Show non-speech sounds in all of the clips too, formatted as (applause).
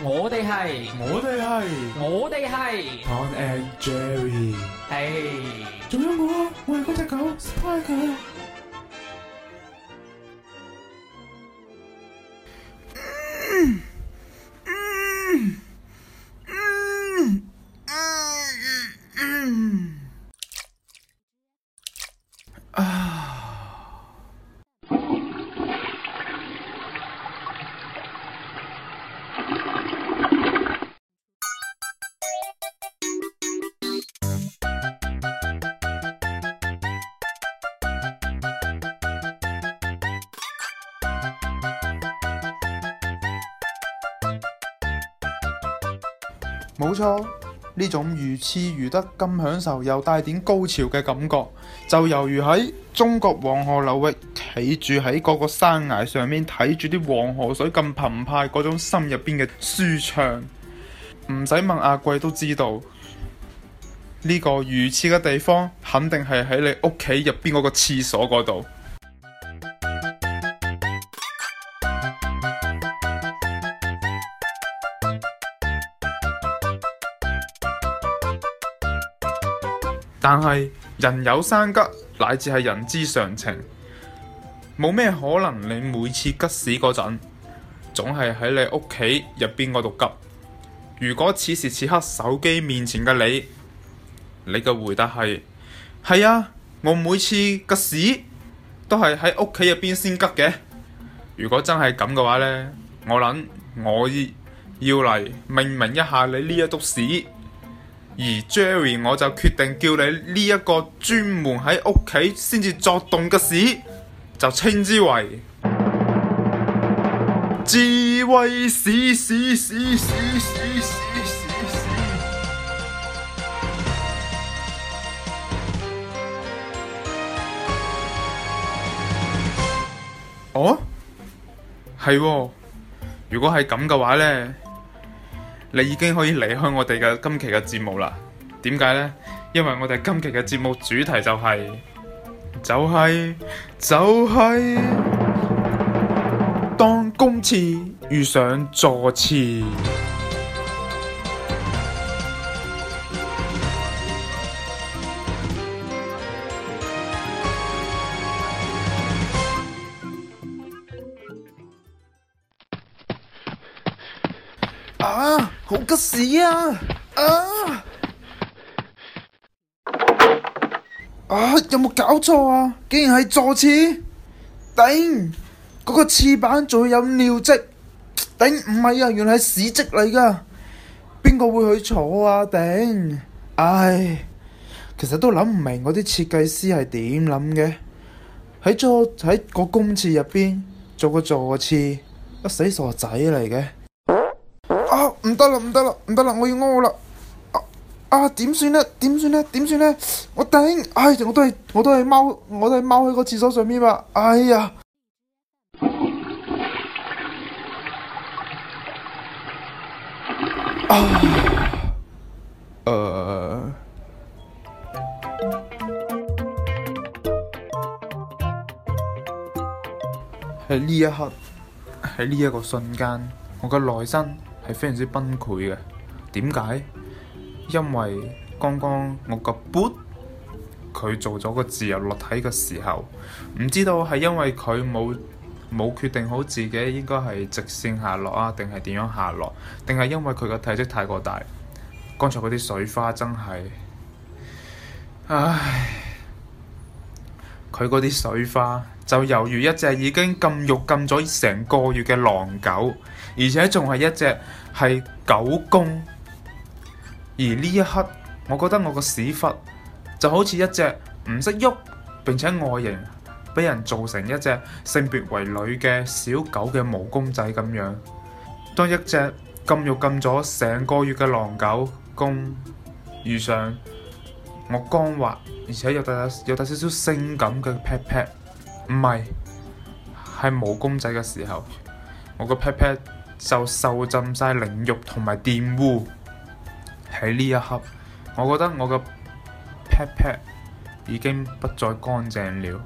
我哋係，我哋係，我哋係。Tom and Jerry，係。仲有我，我係嗰隻狗，Spider。冇錯，呢種如廁如得咁享受又帶點高潮嘅感覺，就猶如喺中國黃河流域企住喺嗰個山崖上面睇住啲黃河水咁澎湃，嗰種心入邊嘅舒暢，唔使問阿貴都知道，呢、這個如廁嘅地方肯定係喺你屋企入邊嗰個廁所嗰度。但係人有三急，乃至係人之常情，冇咩可能你每次急屎嗰陣，總係喺你屋企入邊嗰度急。如果此時此刻手機面前嘅你，你嘅回答係係啊，我每次急屎都係喺屋企入邊先急嘅。如果真係咁嘅話呢，我諗我要嚟，命名一下你呢一篤屎。而 Jerry，我就決定叫你呢一個專門喺屋企先至作動嘅屎，就稱之為智慧屎屎屎屎屎屎屎。哦，係喎，如果係咁嘅話咧。你已經可以離開我哋嘅今期嘅節目啦？點解呢？因為我哋今期嘅節目主題就係，就係，就係，當公廁遇上座廁。個屎啊！啊！啊！有冇搞錯啊？竟然係坐廁頂，嗰個廁板仲有尿漬頂，唔係啊，原來係屎漬嚟㗎。邊個會去坐啊？頂！唉，其實都諗唔明嗰啲設計師係點諗嘅？喺坐喺個公廁入邊做個坐廁，一死傻仔嚟嘅。唔得啦，唔得啦，唔得啦！我要屙啦！啊啊，點算咧？點算咧？點算咧？我頂！唉、哎，我都係，我都係踎，我都係踎喺個廁所上面嘛！哎呀！ (noise) 啊！呃！喺呢 (noise) 一刻，喺呢一個瞬間，我嘅內心。係非常之崩潰嘅，點解？因為剛剛我個鉢佢做咗個自由落體嘅時候，唔知道係因為佢冇冇決定好自己應該係直線下落啊，定係點樣下落，定係因為佢個體積太過大。剛才嗰啲水花真係，唉，佢嗰啲水花。就猶如一隻已經禁欲禁咗成個月嘅狼狗，而且仲係一隻係狗公。而呢一刻，我覺得我個屎忽就好似一隻唔識喐並且外形俾人做成一隻性別為女嘅小狗嘅毛公仔咁樣。當一隻禁欲禁咗成個月嘅狼狗公遇上我光滑而且有帶有帶少少性感嘅 pat pat。唔係，係冇公仔嘅時候，我個 pat pat 就受浸晒靈肉同埋玷污。喺呢一刻，我覺得我個 pat pat 已經不再乾淨了，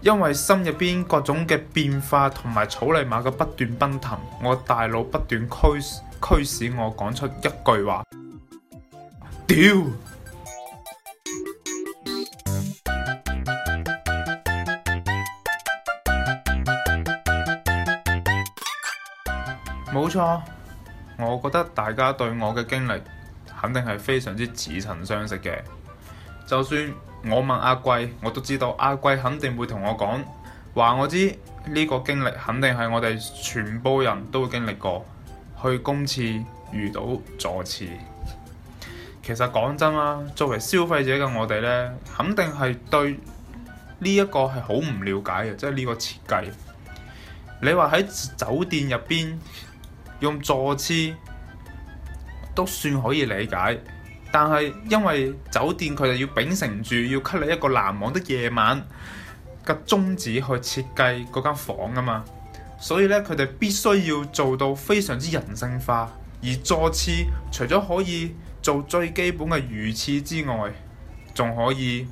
因為心入邊各種嘅變化同埋草泥馬嘅不斷奔騰，我大腦不斷驅驅使我講出一句話：屌！冇錯，我覺得大家對我嘅經歷肯定係非常之似曾相識嘅。就算我問阿貴，我都知道阿貴肯定會同我講話，我知呢個經歷肯定係我哋全部人都會經歷過，去公廁遇到座廁。其實講真啦，作為消費者嘅我哋呢，肯定係對呢一個係好唔了解嘅，即係呢個設計。你話喺酒店入邊。用坐廁都算可以理解，但係因為酒店佢哋要秉承住要給你一個難忘的夜晚嘅宗旨去設計嗰間房啊嘛，所以咧佢哋必須要做到非常之人性化。而坐廁除咗可以做最基本嘅如廁之外，仲可以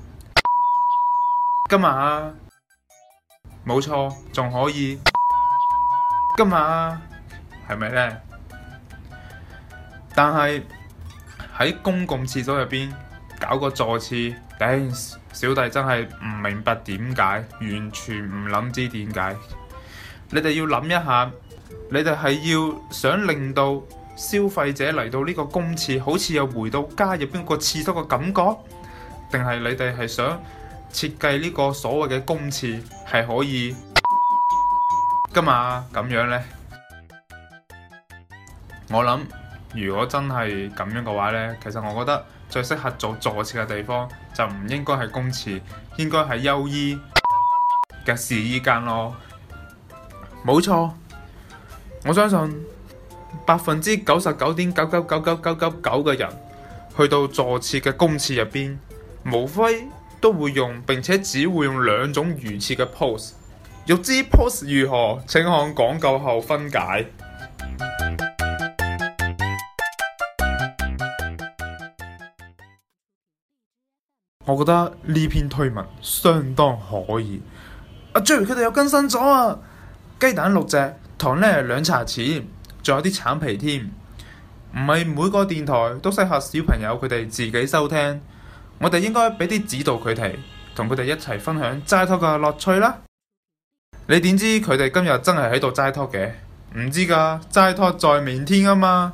(noise) 今日啊，冇錯，仲可以 (noise) 今日啊。係咪呢？但係喺公共廁所入邊搞個座廁，頂，小弟真係唔明白點解，完全唔諗知點解。你哋要諗一下，你哋係要想令到消費者嚟到呢個公廁，好似又回到家入邊個廁所個感覺，定係你哋係想設計呢個所謂嘅公廁係可以，噶嘛咁樣呢？我諗，如果真係咁樣嘅話呢，其實我覺得最適合做坐廁嘅地方就唔應該係公廁，應該係優衣嘅試衣間咯。冇錯，我相信百分之九十九點九九九九九九九嘅人去到坐廁嘅公廁入邊，無非都會用，並且只會用兩種如廁嘅 pose。欲知 pose 如何，請看講究後分解。我覺得呢篇推文相當可疑。阿 Jerry 佢哋又更新咗啊！雞蛋六隻，糖呢兩茶匙，仲有啲橙皮添。唔係每個電台都適合小朋友佢哋自己收聽，我哋應該俾啲指導佢哋，同佢哋一齊分享齋托嘅樂趣啦。你點知佢哋今日真係喺度齋托嘅？唔知㗎，齋託在明天啊嘛，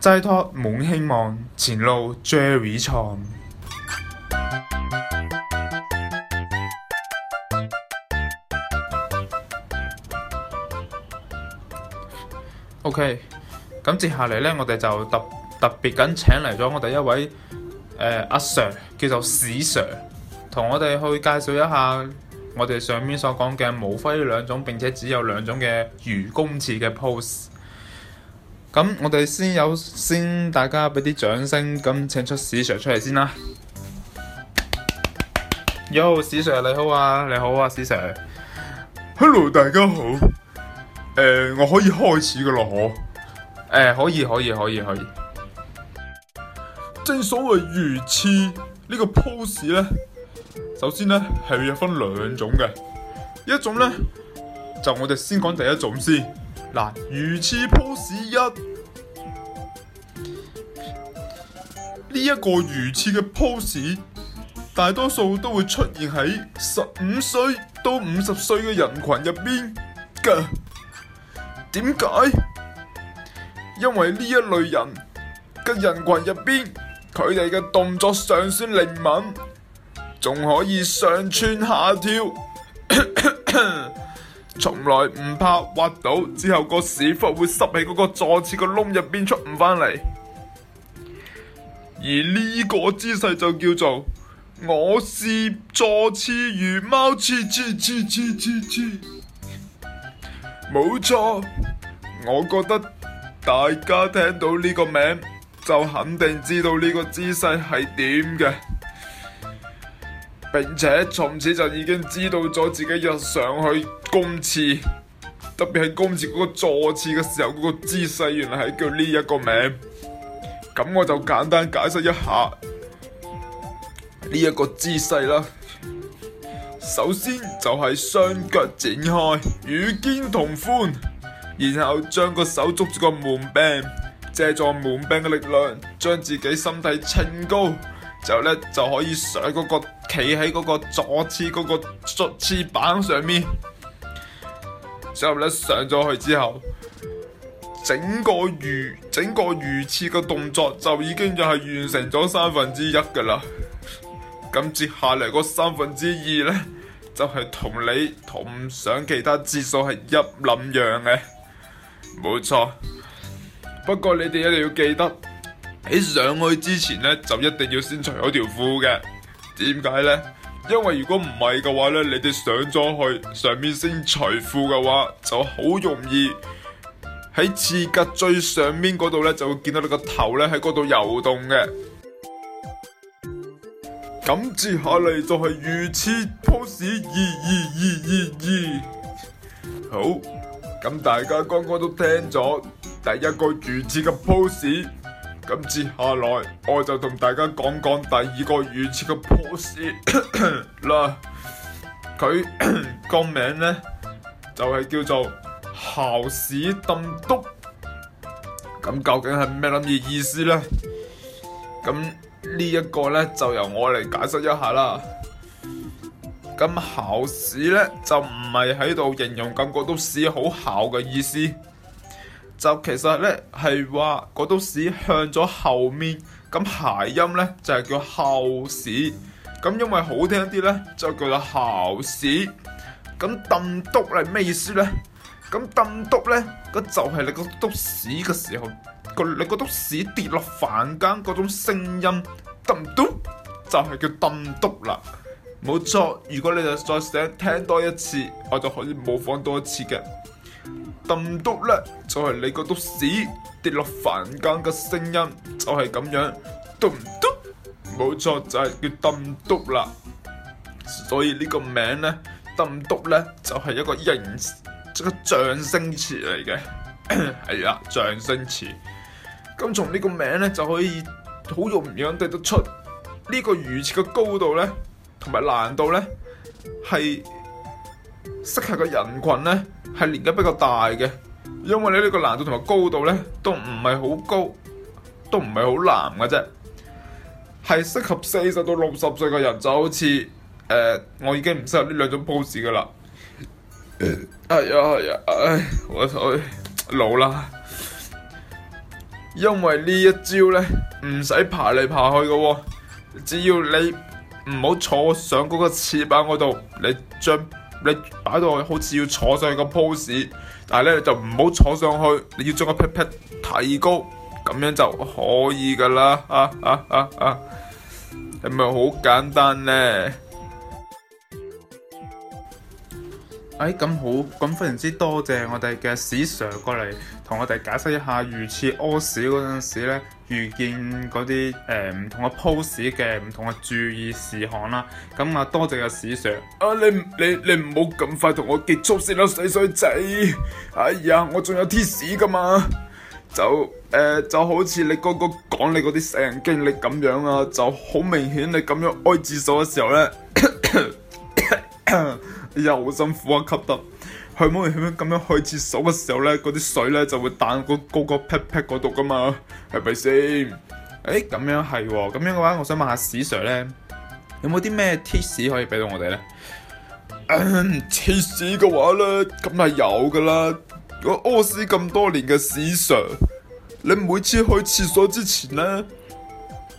齋託滿希望，前路 Jerry 創。OK，咁接下嚟呢，我哋就特特別咁請嚟咗我哋一位阿、呃啊、Sir，叫做史 Sir，同我哋去介紹一下我哋上面所講嘅無非兩種，並且只有兩種嘅愚公厠嘅 pose。咁我哋先有先，大家俾啲掌聲，咁請出史 Sir 出嚟先啦。Yo，史 Sir 你好啊，你好啊，史 Sir。Hello，大家好。誒、呃，我可以開始噶啦，可？誒、呃，可以，可以，可以，可以。正所謂如廁呢個 pose 咧，首先咧係要分兩種嘅，一種咧就我哋先講第一種先。嗱，如廁 pose 一呢一個如廁嘅 pose，大多數都會出現喺十五歲到五十歲嘅人群入邊噶。點解？因為呢一類人嘅人群入邊，佢哋嘅動作尚算靈敏，仲可以上竄下跳，從 (coughs) 來唔怕滑倒之後屎個屎忽會塞喺嗰個坐廁個窿入邊出唔返嚟。而呢個姿勢就叫做我視坐廁如貓廁之之之之之，冇錯。我覺得大家聽到呢個名就肯定知道呢個姿勢係點嘅，並且從此就已經知道咗自己日常去公廁，特別係公廁嗰個座廁嘅時候嗰個姿勢，原來係叫呢一個名。咁我就簡單解釋一下呢一個姿勢啦。首先就係雙腳展開，與肩同寬。然後將個手捉住個門柄，借助門柄嘅力量，將自己身體撐高，之後咧就可以上嗰、那個企喺嗰個座廁嗰個座廁板上面。之後呢，上咗去之後，整個如整個如廁嘅動作就已經就係完成咗三分之一噶啦。咁 (laughs) 接下嚟個三分之二呢，就係、是、同你同上其他招數係一林樣嘅。冇錯，不過你哋一定要記得喺上去之前咧，就一定要先除開條褲嘅。點解咧？因為如果唔係嘅話咧，你哋上咗去上面先除褲嘅話，就好容易喺廁格最上面嗰度咧，就會見到你個頭咧喺嗰度游動嘅。咁接下嚟就係如廁 pose 二二二二二，好。咁大家剛剛都聽咗第一個如廁嘅 pose，咁接下來我就同大家講講第二個如廁嘅 pose 啦。佢個名咧就係、是、叫做校史登篤，咁究竟係咩諗嘅意思咧？咁、這個、呢一個咧就由我嚟解釋一下啦。咁後屎咧就唔係喺度形容感覺到屎好厚嘅意思，就其實咧係話嗰督屎向咗後面，咁諧音咧就係叫後屎，咁因為好聽啲咧就叫做後屎。咁揼篤係咩意思咧？咁揼篤咧，咁就係你個督屎嘅時候，個你個督屎跌落凡間嗰種聲音，揼篤就係、是、叫揼篤啦。冇錯，如果你就再想聽多一次，我就可以模仿多一次嘅。咚篤咧，就係、是、你個篤屎跌落凡間嘅聲音，就係、是、咁樣，咚篤。冇錯，就係、是、叫咚篤啦。所以呢個名咧，咚篤咧，就係、是、一個形，即個象聲詞嚟嘅。係啊、 (coughs) 哎，象聲詞。咁從呢個名咧，就可以好容易睇得出呢、這個魚翅嘅高度咧。同埋難度咧，係適合嘅人群咧係年紀比較大嘅，因為你呢個難度同埋高度咧都唔係好高，都唔係好難嘅啫，係適合四十到六十歲嘅人，就好似誒、呃、我已經唔適合呢兩種 pose 噶啦，哎呀哎呀，唉我太老啦，因為呢一招咧唔使爬嚟爬去嘅，哦，只要你。唔好坐上嗰個翅膀嗰度，你將你擺到好似要坐上去個 pose，但係咧就唔好坐上去，你要將個 pet pet 提高，咁樣就可以噶啦，啊啊啊啊，係咪好簡單咧？哎，咁好，咁非常之多謝我哋嘅史 sir 過嚟同我哋解釋一下，如廁屙屎嗰陣時咧。遇見嗰啲誒唔同嘅 pose 嘅唔同嘅注意事項啦，咁、嗯、啊多謝阿、啊、史 Sir 啊，你你你唔好咁快同我結束先啦，細衰仔，哎呀，我仲有貼士㗎嘛，就誒、呃、就好似你嗰個講你嗰啲成人經歷咁樣啊，就好明顯你咁樣開廁所嘅時候咧，又、 (coughs) (coughs) 哎、辛苦啊，吸得。佢冇佢冇咁樣去廁所嘅時候咧，嗰啲水咧就會彈個高個 pet pet 嗰度噶嘛，係咪先？誒、欸，咁樣係喎，咁、哦、樣嘅話，我想問，問下屎 sir 咧，有冇啲咩貼士可以俾到我哋咧？貼士嘅話咧，咁係有噶啦，我屙屎咁多年嘅屎 sir，你每次去廁所之前咧，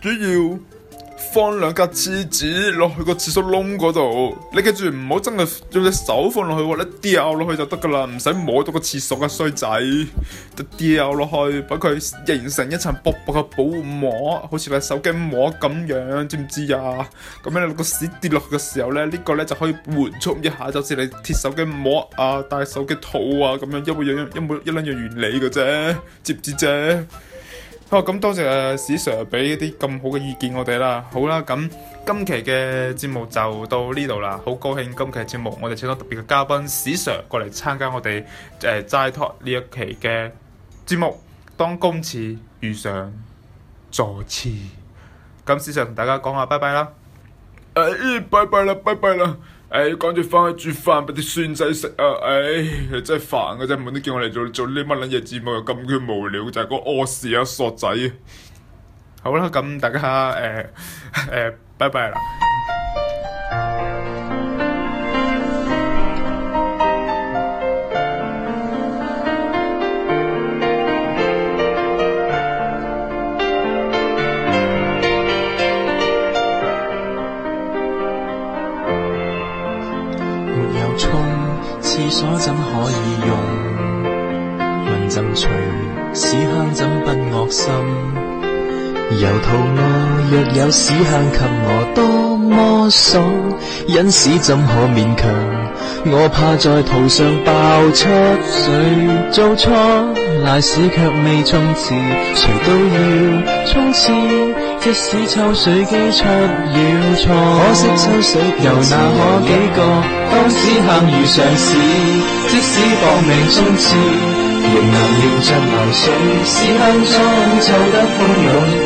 主要。放兩格廁紙落去個廁所窿嗰度，你記住唔好真係用隻手放落去，或者掉落去就得噶啦，唔使摸到個廁所嘅衰仔，就掉落去把佢形成一層薄薄嘅保護膜，好似塊手機膜咁樣，知唔知啊？咁樣你個屎跌落去嘅時候咧，呢個咧就可以緩速一下，就似你貼手機膜啊、戴手機套啊咁樣，一模一樣，一模一兩樣原理嘅啫，知唔知啫？好，咁、哦、多謝啊史 sir 俾一啲咁好嘅意見我哋啦，好啦，咁今期嘅節目就到呢度啦，好高興今期嘅節目我哋請到特別嘅嘉賓史 sir 過嚟參加我哋誒齋托呢一期嘅節目，當公廁遇上座廁，咁史 sir 同大家講下拜拜啦，誒、哎，拜拜啦，拜拜啦。誒趕住翻去煮飯俾啲孫仔食啊！誒、哎、真係煩嘅真係，每次叫我嚟做做啲乜撚嘢節目又咁佢無聊，就係、是、個屙屎啊，傻仔！好啦，咁大家誒誒、呃呃、拜拜啦～屎坑給我多麼爽，因屎怎可勉強？我怕在途上爆出水，做錯，瀨屎却未沖廁，誰都要沖廁。即使抽水機出了錯，可惜抽水又哪可幾個？ (laughs) 當屎坑遇上時，即使搏命沖廁，仍然繞着流水，屎坑中走得洶湧。